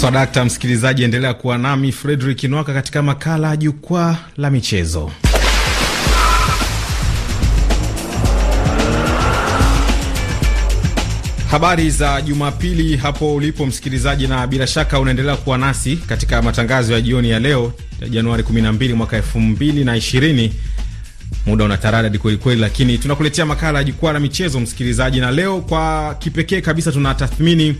Swadakta msikilizaji, endelea kuwa nami Fredrik Nwaka katika makala ya jukwaa la michezo. Habari za Jumapili hapo ulipo msikilizaji, na bila shaka unaendelea kuwa nasi katika matangazo ya jioni ya leo Januari 12 mwaka 2020. Muda unataradadi kwelikweli lakini tunakuletea makala ya jukwaa la michezo msikilizaji, na leo kwa kipekee kabisa tunatathmini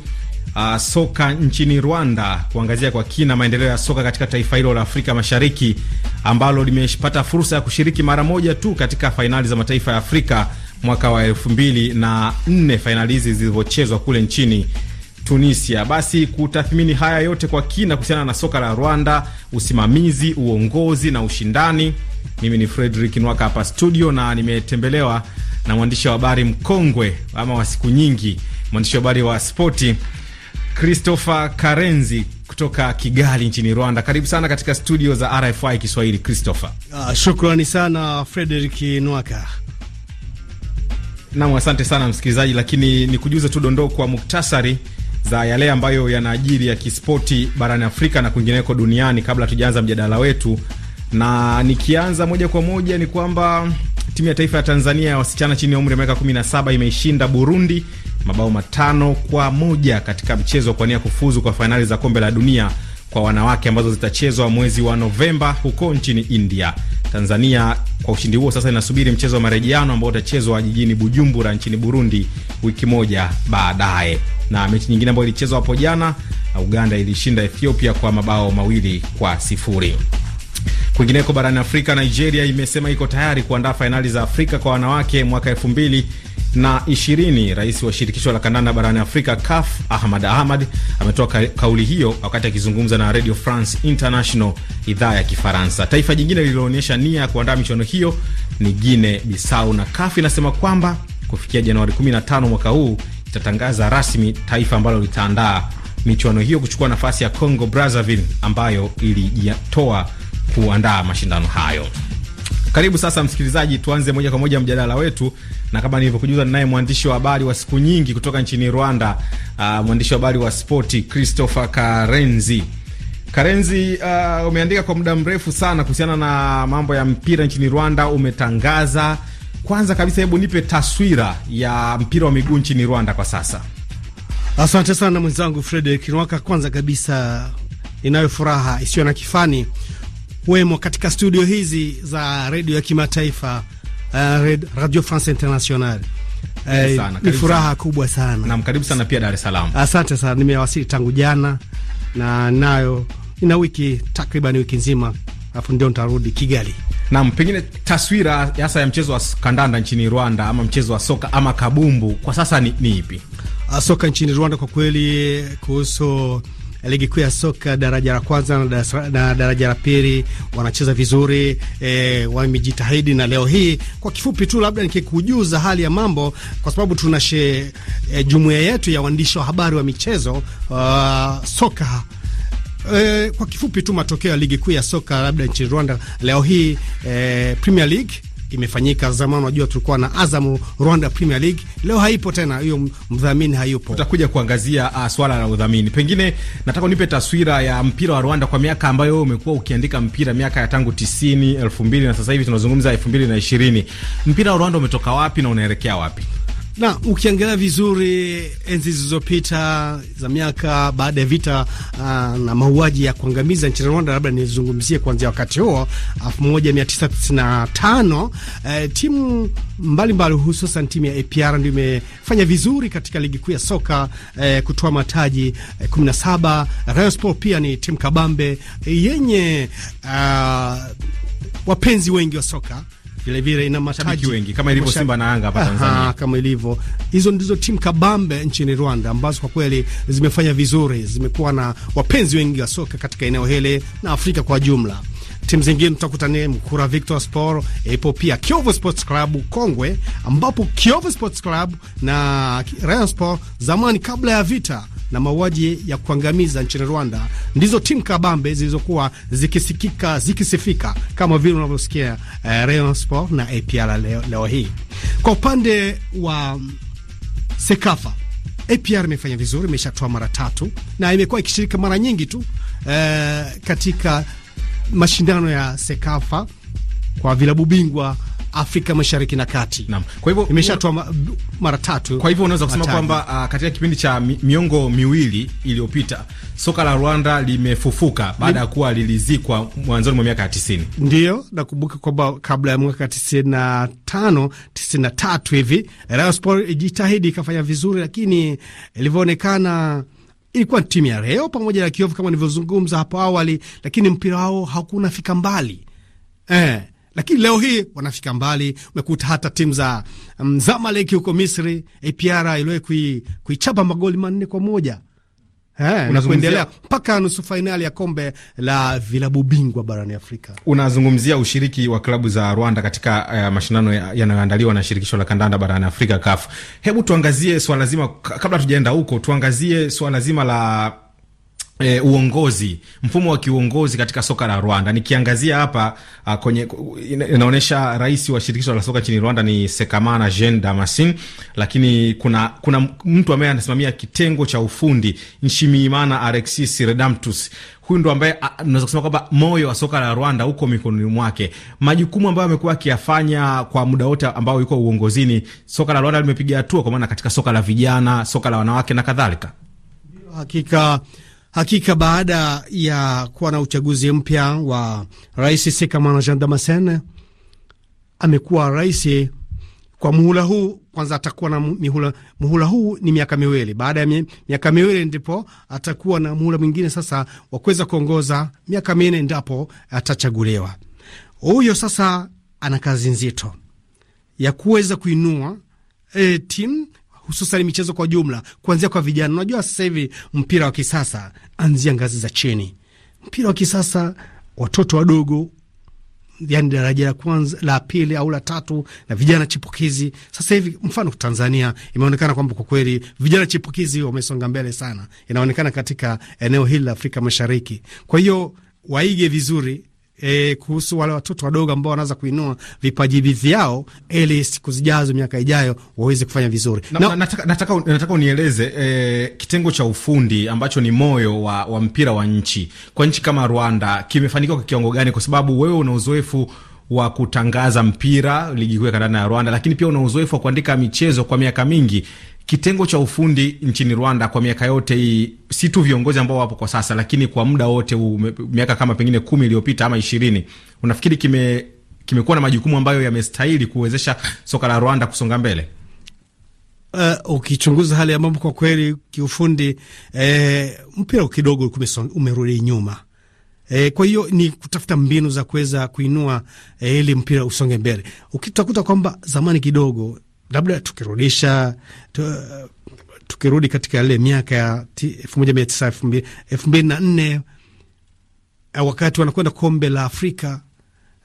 uh, soka nchini Rwanda kuangazia kwa kina maendeleo ya soka katika taifa hilo la Afrika Mashariki ambalo limepata fursa ya kushiriki mara moja tu katika fainali za mataifa ya Afrika mwaka wa elfu mbili na nne, fainali hizi zilizochezwa kule nchini Tunisia. Basi kutathmini haya yote kwa kina kuhusiana na soka la Rwanda, usimamizi, uongozi na ushindani, mimi ni Fredrick Nwaka hapa studio, na nimetembelewa na mwandishi wa habari mkongwe ama wa siku nyingi, mwandishi wa habari wa spoti Christopher Karenzi kutoka Kigali nchini Rwanda. Karibu sana katika studio za RFI Kiswahili Christopher. Uh, shukrani sana Frederick Nwaka. Nam, asante sana msikilizaji, lakini ni kujuza tu dondoo kwa muktasari za yale ambayo yanaajiri ya kispoti barani Afrika na kwingineko duniani kabla tujaanza mjadala wetu, na nikianza moja kwa moja ni kwamba timu ya taifa ya Tanzania ya wasichana chini ya umri ya miaka 17 imeishinda Burundi mabao matano kwa moja katika mchezo kwa nia kufuzu kwa fainali za kombe la dunia kwa wanawake ambazo zitachezwa mwezi wa Novemba huko nchini India. Tanzania kwa ushindi huo sasa inasubiri mchezo wa marejeano ambao utachezwa jijini Bujumbura nchini Burundi wiki moja baadaye. Na mechi nyingine ambayo ilichezwa hapo jana, Uganda ilishinda Ethiopia kwa mabao mawili kwa sifuri. Kwingineko barani Afrika, Nigeria imesema iko tayari kuandaa fainali za Afrika kwa wanawake mwaka elfu mbili na ishirini. Rais wa shirikisho la kandanda barani Afrika CAF Ahmad Ahmad ametoa ka kauli hiyo wakati akizungumza na Radio France International idhaa ya Kifaransa. Taifa jingine lililoonyesha nia ya kuandaa michuano hiyo ni guine bisau na CAF inasema kwamba kufikia Januari 15 mwaka huu itatangaza rasmi taifa ambalo litaandaa michuano hiyo kuchukua nafasi ya Congo Brazzaville ambayo ilijitoa kuandaa mashindano hayo. Karibu sasa, msikilizaji, tuanze moja kwa moja mjadala wetu, na kama nilivyokujuza, ninaye mwandishi wa habari wa siku nyingi kutoka nchini Rwanda, uh, mwandishi wa habari wa spoti Christopher Karenzi. Karenzi, uh, umeandika kwa muda mrefu sana kuhusiana na mambo ya mpira nchini Rwanda, umetangaza. Kwanza kabisa, hebu nipe taswira ya mpira wa miguu nchini Rwanda kwa sasa. Asante sana mwenzangu Fredrik Nwaka. Kwanza kabisa, inayo furaha isiyo na kifani wemo katika studio hizi za redio ya kimataifa uh, Radio France Internationale. Eh, ni furaha kubwa sana. Naam, karibu sana pia Dar es Salaam. Asante sana, nimewasili tangu jana na nayo ina wiki takriban wiki nzima, alafu ndio nitarudi Kigali. Naam, pengine taswira hasa ya mchezo wa kandanda nchini Rwanda ama mchezo wa soka ama kabumbu kwa sasa ni, ni ipi? Ah, soka nchini Rwanda kwa kweli kuhusu ligi kuu ya soka daraja la kwanza na daraja la pili wanacheza vizuri e, wamejitahidi. Na leo hii kwa kifupi tu, labda nikikujuza hali ya mambo, kwa sababu tuna e, jumuiya yetu ya waandishi wa habari wa michezo uh, soka e, kwa kifupi tu matokeo ya ligi kuu ya soka labda nchini Rwanda leo hii e, Premier League imefanyika zamani. Unajua tulikuwa na Azam Rwanda Premier League, leo haipo tena hiyo, mdhamini hayupo. Tutakuja kuangazia uh, swala la udhamini. Pengine nataka nipe taswira ya mpira wa Rwanda kwa miaka ambayo wewe umekuwa ukiandika mpira, miaka ya tangu 90, 2000 na sasa hivi tunazungumza 2020. Mpira wa Rwanda umetoka wapi na unaelekea wapi? Na ukiangalia vizuri enzi zilizopita za miaka baada ya vita uh, na mauaji ya kuangamiza nchini Rwanda, labda nizungumzie kuanzia wakati huo 1995 eh, timu mbalimbali hususan timu ya APR ndio imefanya vizuri katika ligi kuu ya soka eh, kutoa mataji eh, 17. Rayon pia ni timu kabambe eh, yenye uh, wapenzi wengi wa soka vile vile ina mashabiki wengi kama ilivyo Simba na Yanga hapa Tanzania. Kama ilivyo hizo ndizo timu kabambe nchini Rwanda ambazo kwa kweli zimefanya vizuri, zimekuwa na wapenzi wengi wa soka katika eneo hili na Afrika kwa jumla. Timu zingine tutakuta ni Mkura Victor Sport, ipo pia Kiovu Sports Club Kongwe, ambapo Kiovu Sports Club na Rayon Sport zamani kabla ya vita na mauaji ya kuangamiza nchini Rwanda ndizo timu kabambe zilizokuwa zikisikika zikisifika kama vile unavyosikia eh, Rayon Sport na APR leo, leo hii. Kwa upande wa Sekafa, APR imefanya vizuri, imeshatoa mara tatu na imekuwa ikishirika mara nyingi tu eh, katika mashindano ya Sekafa kwa vilabu bingwa Afrika Mashariki na Kati. Naam. Kwa hivyo imeshatoa mara tatu. Kwa hivyo unaweza kusema kwamba uh, katika kipindi cha miongo miwili iliyopita soka la Rwanda limefufuka baada ya kuwa lilizikwa mwanzoni mwa miaka ya 90. Ndio, nakumbuka kwamba kabla ya mwaka 95, 93 hivi Rayon Sports ikafanya vizuri, lakini ilivyoonekana ilikuwa timu ya reo pamoja na kiovu kama nilivyozungumza hapo awali, lakini mpira wao hakunafika mbali eh lakini leo hii wanafika mbali. Umekuta hata timu za um, Zamalek huko Misri, APR iliwahi kui, kuichapa magoli manne kwa moja eh, na kuendelea mpaka nusu fainali ya kombe la vilabu bingwa barani Afrika. Unazungumzia ushiriki wa klabu za Rwanda katika uh, mashindano yanayoandaliwa na shirikisho la kandanda barani Afrika CAF. Hebu tuangazie swala zima kabla tujaenda huko, tuangazie swala zima la E, uongozi mfumo wa kiuongozi katika soka la Rwanda. Nikiangazia hapa a, ah, kwenye inaonyesha rais wa shirikisho la soka nchini Rwanda ni Sekamana Jean Damascene, lakini kuna kuna mtu ambaye anasimamia kitengo cha ufundi Nshimiyimana Alexis Redemptus. Huyu ndo ambaye unaweza ah, kusema kwamba moyo wa soka la Rwanda huko mikononi mwake. Majukumu ambayo amekuwa akiyafanya kwa muda wote ambao yuko uongozini, soka la Rwanda limepiga hatua, kwa maana katika soka la vijana, soka la wanawake na kadhalika. Hakika Hakika baada ya kuwa na uchaguzi mpya wa rais Sekamana Jean Damasen amekuwa rais kwa muhula huu. Kwanza atakuwa na mihula, muhula huu ni miaka miwili. Baada ya miaka miwili ndipo atakuwa na muhula mwingine sasa wa kuweza kuongoza miaka minne, ndapo atachaguliwa. Huyo sasa ana kazi nzito ya kuweza kuinua e, eh, timu hususan michezo kwa jumla, kuanzia kwa vijana. Unajua sasa hivi mpira wa kisasa, anzia ngazi za chini, mpira wa kisasa, watoto wadogo yani daraja la kwanza la pili au la tatu, na vijana chipukizi. Sasa hivi mfano Tanzania imeonekana kwamba kwa kweli vijana chipukizi wamesonga mbele sana, inaonekana katika eneo hili la Afrika Mashariki. Kwa hiyo waige vizuri e, kuhusu wale watoto wadogo ambao wanaweza kuinua vipaji vyao ili siku zijazo, miaka ijayo waweze kufanya vizuri. Na, na, nataka, nataka, nataka unieleze e, kitengo cha ufundi ambacho ni moyo wa, wa mpira wa nchi kwa nchi kama Rwanda kimefanikiwa kwa kiwango gani? Kwa sababu wewe una uzoefu wa kutangaza mpira ligi kuu ya kandanda ya Rwanda, lakini pia una uzoefu wa kuandika michezo kwa miaka mingi kitengo cha ufundi nchini Rwanda kwa miaka yote hii, si tu viongozi ambao wapo kwa sasa, lakini kwa muda wote, miaka kama pengine kumi iliyopita ama ishirini, unafikiri kime kimekuwa na majukumu ambayo yamestahili kuwezesha soka la Rwanda kusonga mbele? Uh, ukichunguza hali ya mambo kwa kweli kiufundi, eh, mpira kidogo umerudi nyuma. eh, kwa hiyo ni kutafuta mbinu za kuweza kuinua eh, ili mpira usonge mbele. Ukitakuta kwamba zamani kidogo labda tukirudisha tu, tukirudi katika ile miaka ya elfu moja mia tisa elfu mbili na nne eh, wakati wanakwenda kombe la Afrika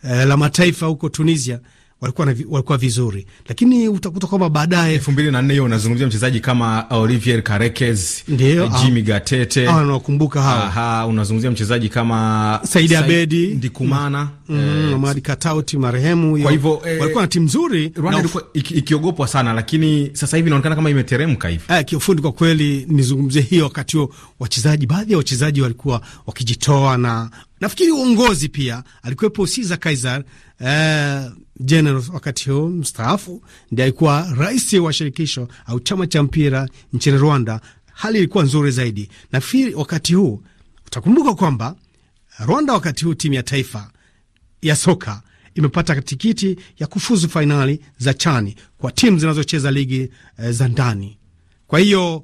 eh, la mataifa huko Tunisia walikuwa na, walikuwa vizuri, lakini utakuta kwamba baadaye 2004 hiyo unazungumzia mchezaji kama Olivier Karekes, ndio eh, Jimmy ah, Gatete, ah, nawakumbuka hao. Aha, unazungumzia mchezaji kama Said Abedi Ndikumana, mm, mm eh, Madi Katauti marehemu. Kwa hivyo eh, walikuwa na timu nzuri, Rwanda ilikuwa ikiogopwa sana, lakini sasa hivi inaonekana kama imeteremka hivi. Eh, kiufundi kwa kweli nizungumzie hiyo, wakati huo wachezaji, baadhi ya wachezaji walikuwa wakijitoa na nafikiri uongozi pia alikuwepo Siza Kaiser eh, general wakati huo mstaafu, ndiye alikuwa rais wa shirikisho au chama cha mpira nchini Rwanda. Hali ilikuwa nzuri zaidi. Nafikiri wakati huu utakumbuka kwamba Rwanda wakati huu timu ya taifa ya soka imepata tikiti ya kufuzu fainali za chani kwa timu zinazocheza ligi e, za ndani. Kwa hiyo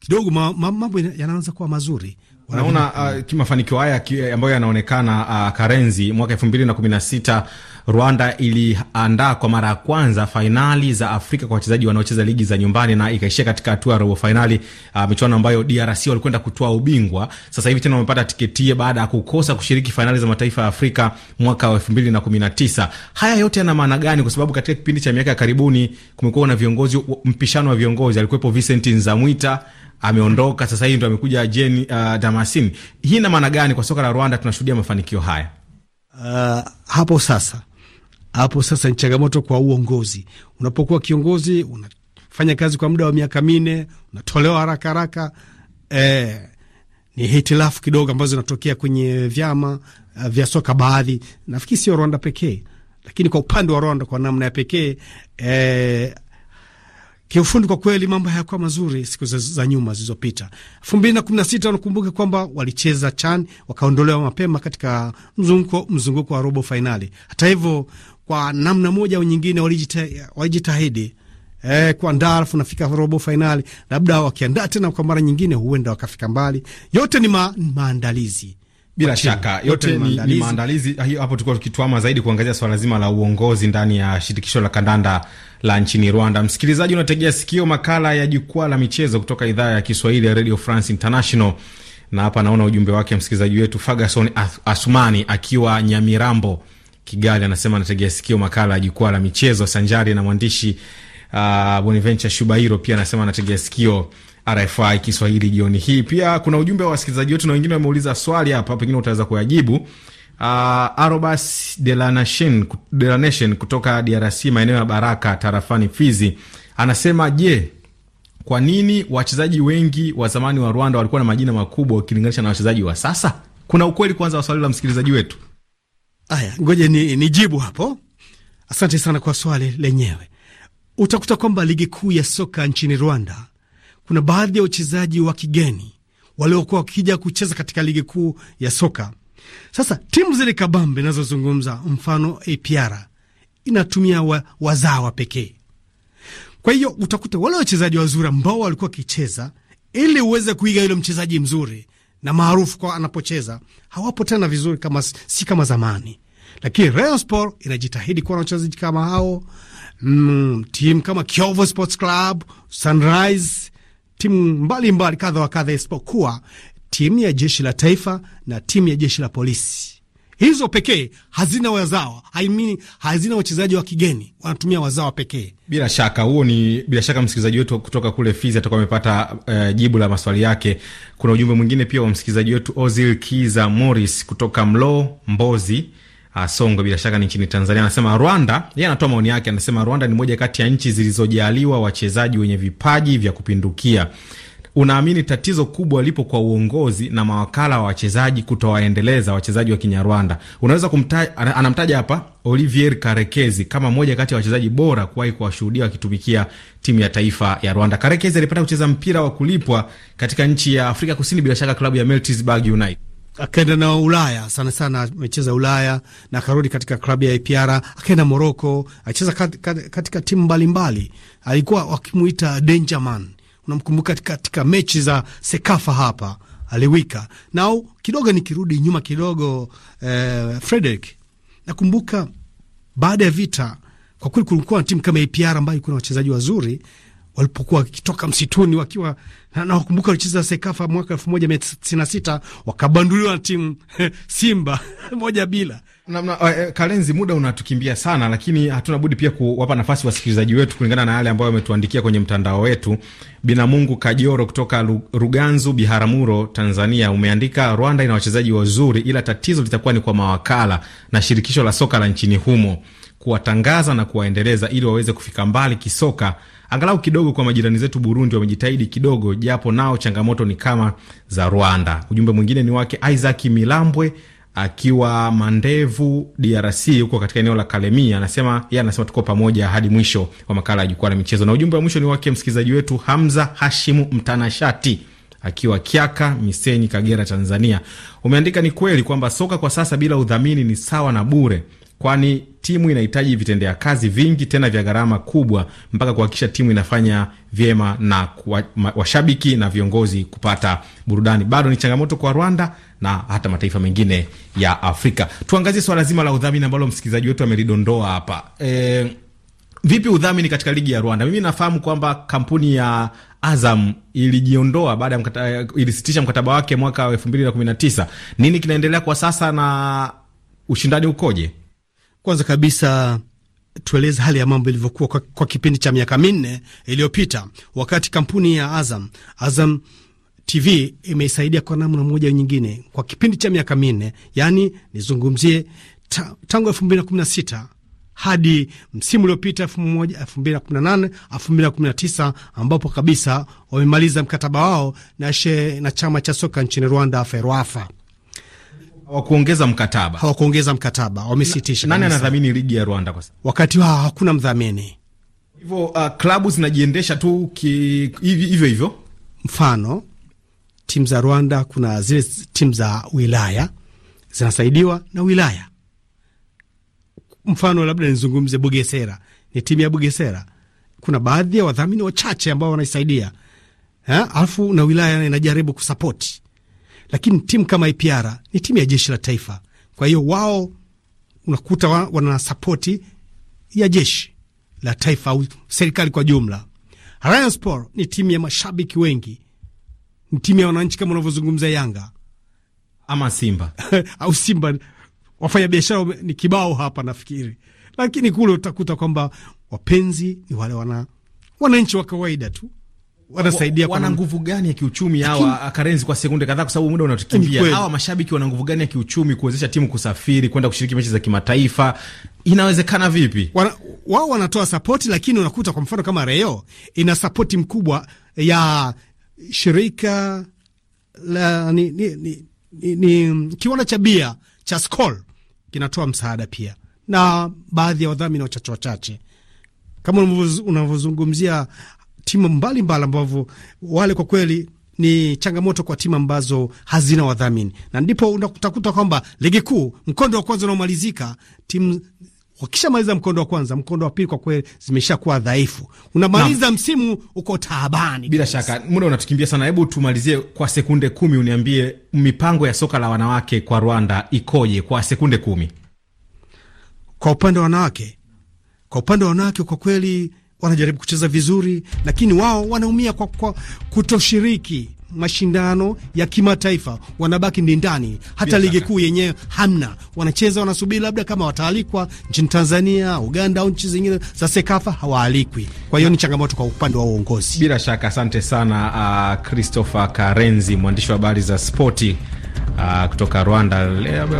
kidogo mambo yanaanza kuwa mazuri. Naona uh, eh, mafanikio haya ambayo yanaonekana uh, Karenzi mwaka elfu mbili na kumi na sita Rwanda iliandaa kwa mara ya kwanza fainali za Afrika kwa wachezaji wanaocheza ligi za nyumbani na ikaishia katika hatua ya robo fainali, uh, michuano ambayo DRC walikwenda kutoa ubingwa. Sasa hivi tena wamepata tiketi baada ya kukosa kushiriki fainali za mataifa ya Afrika mwaka wa na na kumi tisa. Haya yote yana maana gani? Kwa sababu katika kipindi cha miaka ya karibuni kumekuwa na viongozi, mpishano wa viongozi. Alikuwepo Vincent Nzamwita ameondoka, sasa hivi ndo amekuja Jane uh, Damascene. Hii ina maana gani kwa soka la Rwanda? Tunashuhudia mafanikio haya uh, hapo sasa hapo sasa ni changamoto kwa uongozi. Unapokuwa kiongozi, unafanya kazi kwa muda wa miaka minne, unatolewa haraka haraka. Eh, ni hitilafu kidogo ambazo zinatokea kwenye vyama uh, vya soka baadhi. Nafikiri sio Rwanda pekee, lakini kwa upande wa Rwanda kwa namna ya pekee eh, kiufundi kwa kweli mambo hayakuwa mazuri siku za, za nyuma zilizopita. elfu mbili na kumi na sita wanakumbuke kwamba walicheza CHAN wakaondolewa mapema katika mzunguko mzunguko wa robo fainali. Hata hivyo kwa namna moja au nyingine walijitahidi eh, kuandaa alafu nafika robo fainali, labda wakiandaa tena kwa mara nyingine huenda wakafika mbali. Yote ni, ma, maandalizi bila Wachim, shaka yote, yote ni, ni maandalizi ah, hapo. Tulikuwa tukitwama zaidi kuangazia swala zima la uongozi ndani ya shirikisho la kandanda la nchini Rwanda. Msikilizaji, unategea sikio makala ya jukwaa la michezo kutoka idhaa ya Kiswahili ya Radio France International, na hapa naona ujumbe wake msikilizaji wetu Fagason Asumani akiwa Nyamirambo Kigali anasema anategea sikio makala ya jukwaa la michezo sanjari na mwandishi uh, Bonaventure Shubairo pia anasema anategea sikio RFI Kiswahili jioni hii. Pia kuna ujumbe wa wasikilizaji wetu na wengine wameuliza swali hapa, pengine utaweza kuyajibu. Uh, Arobas de la Nation, de kutoka DRC maeneo ya Baraka tarafani Fizi anasema je, kwa nini wachezaji wengi wa zamani wa Rwanda walikuwa na majina makubwa ukilinganisha na wachezaji wa sasa? Kuna ukweli kwanza wa swali la msikilizaji wetu? Aya, ngoje ni, ni jibu hapo. Asante sana kwa swali lenyewe. Utakuta kwamba ligi kuu ya soka nchini Rwanda kuna baadhi ya wachezaji wa kigeni waliokuwa wakija kucheza katika ligi kuu ya soka. Sasa timu zile kabambe nazozungumza, mfano APR inatumia wa, wazawa pekee. Kwa hiyo utakuta wale wachezaji wazuri ambao walikuwa wakicheza, ili uweze kuiga yule mchezaji mzuri, na maarufu kwa anapocheza, hawapo tena vizuri kama, si kama zamani, lakini Real Sport inajitahidi kuwa na wachezaji kama hao mm, timu kama Kiovu Sports Club, Sunrise, timu mbalimbali kadha wa kadha, isipokuwa timu ya jeshi la taifa na timu ya jeshi la polisi hizo pekee hazina wazawa, I mean, hazina wachezaji wa kigeni, wanatumia wazawa pekee. Bila shaka huo ni bila shaka, msikilizaji wetu kutoka kule Fizi atakuwa amepata uh, jibu la maswali yake. Kuna ujumbe mwingine pia wa msikilizaji wetu Ozil Kiza Morris kutoka Mlo Mbozi ah, Songwe, bila shaka ni nchini Tanzania. Anasema Rwanda, yeye anatoa maoni yake, anasema Rwanda ni moja kati ya nchi zilizojaliwa wachezaji wenye vipaji vya kupindukia unaamini tatizo kubwa lipo kwa uongozi na mawakala wa wachezaji kutowaendeleza wachezaji wa Kinyarwanda. Unaweza kumtaja, anamtaja hapa Olivier Karekezi kama moja kati ya wachezaji bora kuwahi kuwashuhudia wakitumikia timu ya taifa ya Rwanda. Karekezi alipata kucheza mpira wa kulipwa katika nchi ya Afrika Kusini, bila shaka klabu ya Merseyside United akaenda na Ulaya sana sana, amecheza Ulaya na akarudi katika klabu ya APR, akaenda Moroko, acheza kat, katika timu mbalimbali, alikuwa wakimuita Danger Man unamkumbuka katika mechi za Sekafa hapa aliwika nao. Kidogo nikirudi nyuma kidogo, eh, Frederick, nakumbuka baada ya vita, kwa kweli kulikuwa na timu kama APR ambayo ilikuwa na wachezaji wazuri walipokuwa wakitoka msituni wakiwa nawakumbuka, walicheza Sekafa mwaka elfu moja mia tisini na sita wakabanduliwa na timu Simba moja bila na, na, uh, Kalenzi, muda unatukimbia sana, lakini hatuna budi pia kuwapa nafasi wasikilizaji wetu kulingana na yale ambayo wametuandikia kwenye mtandao wetu. Binamungu Kajoro kutoka Ruganzu, Biharamuro, Tanzania umeandika, Rwanda ina wachezaji wazuri, ila tatizo litakuwa ni kwa mawakala na shirikisho la soka la nchini humo kuwatangaza na kuwaendeleza ili waweze kufika mbali kisoka. Angalau kidogo kwa majirani zetu Burundi wamejitahidi kidogo, japo nao changamoto ni kama za Rwanda. Ujumbe mwingine ni wake Isaac Milambwe akiwa Mandevu, DRC, huko katika eneo la Kalemi. Anasema yeye anasema tuko pamoja hadi mwisho wa makala ya Jukwaa la Michezo, na ujumbe wa mwisho ni wake msikilizaji wetu Hamza Hashimu Mtanashati akiwa Kiaka Misenyi, Kagera, Tanzania. Umeandika, ni kweli kwamba soka kwa sasa bila udhamini ni sawa na bure kwani timu inahitaji vitendea kazi vingi tena vya gharama kubwa mpaka kuhakikisha timu inafanya vyema na washabiki na viongozi kupata burudani. Bado ni changamoto kwa Rwanda na hata mataifa mengine ya Afrika. Tuangazie swala zima la udhamini ambalo msikilizaji wetu amelidondoa hapa. E, vipi udhamini katika ligi ya Rwanda? Mimi nafahamu kwamba kampuni ya Azam ilijiondoa baada ya mkata, ilisitisha mkataba wake mwaka wa elfu mbili na kumi na tisa. Nini kinaendelea kwa sasa na ushindani ukoje? Kwanza kabisa tueleze hali ya mambo ilivyokuwa kwa, kwa kipindi cha miaka minne iliyopita, wakati kampuni ya Azam Azam TV imeisaidia kwa namna moja nyingine kwa kipindi cha miaka minne, yani nizungumzie ta, tangu elfu mbili na kumi na sita hadi msimu uliopita elfu mbili na kumi na nane elfu mbili na kumi na tisa ambapo kabisa wamemaliza mkataba wao na, she, na chama cha soka nchini Rwanda FERWAFA hawakuongeza mkataba, hawakuongeza mkataba, wamesitisha. Nani anadhamini ligi ya Rwanda kwa sasa? Wakati wao hakuna mdhamini, hivyo uh, klabu zinajiendesha tu hivyo hivyo. Mfano timu za Rwanda, kuna zile timu za wilaya zinasaidiwa na wilaya. Mfano labda nizungumze Bugesera, ni timu ya Bugesera, kuna baadhi ya wadhamini wachache ambao wanaisaidia, eh, alafu na wilaya inajaribu kusapoti lakini timu kama ipiara ni timu ya jeshi la taifa, kwa hiyo wao unakuta wana sapoti ya jeshi la taifa au serikali kwa jumla. Rayon Sport ni timu ya mashabiki wengi, ni timu ya wananchi kama unavyozungumza Yanga ama Simba au Simba, wafanya biashara ni kibao hapa nafikiri, lakini kule utakuta kwamba wapenzi ni wale wana wananchi wa kawaida tu wanasaidia wana nguvu gani ya kiuchumi hawa Karenzi? Kwa sekunde kadhaa, kwa sababu muda unatukimbia, hawa mashabiki wana nguvu gani ya kiuchumi kuwezesha timu kusafiri kwenda kushiriki mechi za kimataifa? Inawezekana vipi? Wao wana, wanatoa sapoti, lakini unakuta kwa mfano kama reo ina sapoti mkubwa ya shirika la, ni, ni, ni, ni, ni kiwanda cha bia cha Skol kinatoa msaada pia na baadhi ya wadhamini wachache wachache kama unavyozungumzia timu mbalimbali ambavyo wale kwa kweli ni changamoto kwa timu ambazo hazina wadhamini, na ndipo utakuta kwamba ligi kuu mkondo wa kwanza unaomalizika timu wakishamaliza mkondo wa kwanza, mkondo wa pili kwa kweli zimeshakuwa dhaifu, unamaliza msimu uko taabani. Bila shaka muda unatukimbia sana, hebu tumalizie kwa sekunde kumi, uniambie mipango ya soka la wanawake kwa Rwanda ikoje? Kwa sekunde kumi, kwa upande wa wanawake, kwa upande wa wanawake kwa kweli wanajaribu kucheza vizuri, lakini wao wanaumia kwa, kwa kutoshiriki mashindano ya kimataifa, wanabaki ndani. Hata ligi kuu yenyewe hamna, wanacheza wanasubiri, labda kama wataalikwa nchini Tanzania, Uganda au nchi zingine za Sekafa, hawaalikwi. Kwa hiyo ni changamoto kwa upande wa uongozi, bila shaka. Asante sana uh, Christopher Karenzi, mwandishi wa habari za spoti Uh, kutoka Rwanda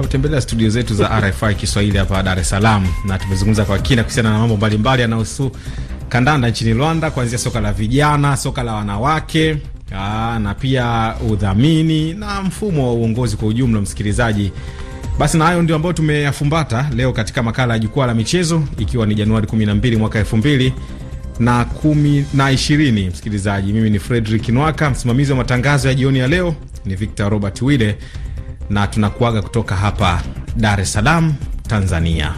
tembelea studio zetu za RFI Kiswahili hapa Dar es Salaam, na tumezungumza kwa kina kuhusiana na mambo mbalimbali yanayohusu kandanda nchini Rwanda, kuanzia soka la vijana, soka la wanawake Aa, ah, na pia udhamini na mfumo wa uongozi kwa ujumla, msikilizaji. Basi na hayo ndio ambayo tumeyafumbata leo katika makala ya jukwaa la michezo, ikiwa ni Januari 12 mwaka 2000 na kumi na ishirini. Msikilizaji, mimi ni Fredrick Nwaka, msimamizi wa matangazo ya jioni ya leo ni Victor Robert Wile, na tunakuaga kutoka hapa Dar es Salaam, Tanzania.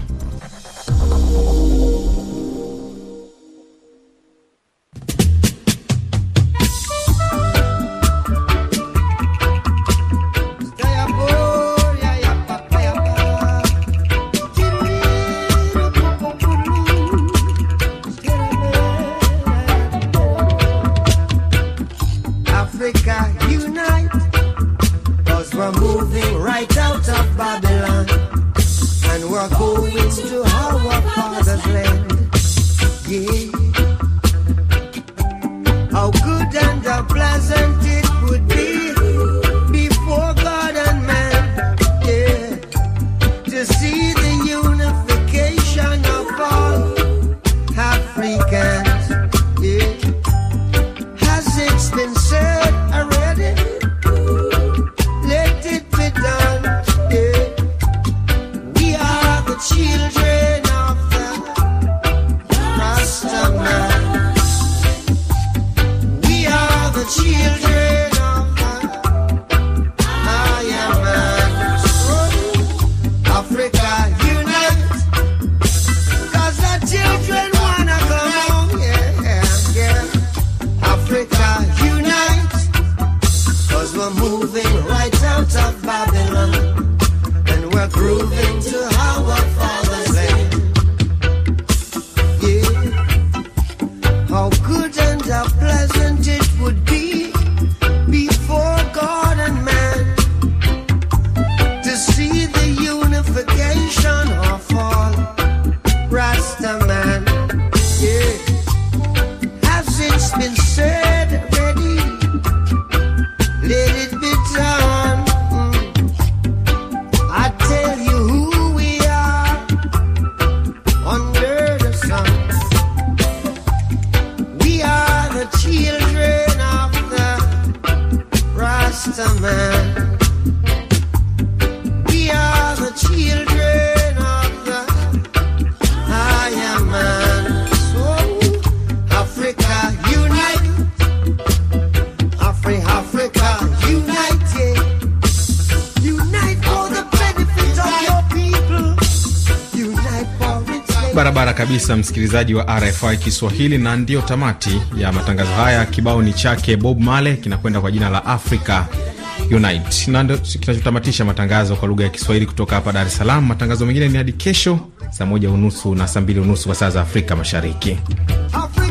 how good and how pleasant kabisa msikilizaji wa RFI Kiswahili, na ndiyo tamati ya matangazo haya. Kibao ni chake Bob male kinakwenda kwa jina la Africa Unite, na ndio kinachotamatisha matangazo kwa lugha ya Kiswahili kutoka hapa Dar es Salaam. Matangazo mengine ni hadi kesho saa moja unusu na saa mbili unusu kwa saa za Afrika Mashariki. Afrika!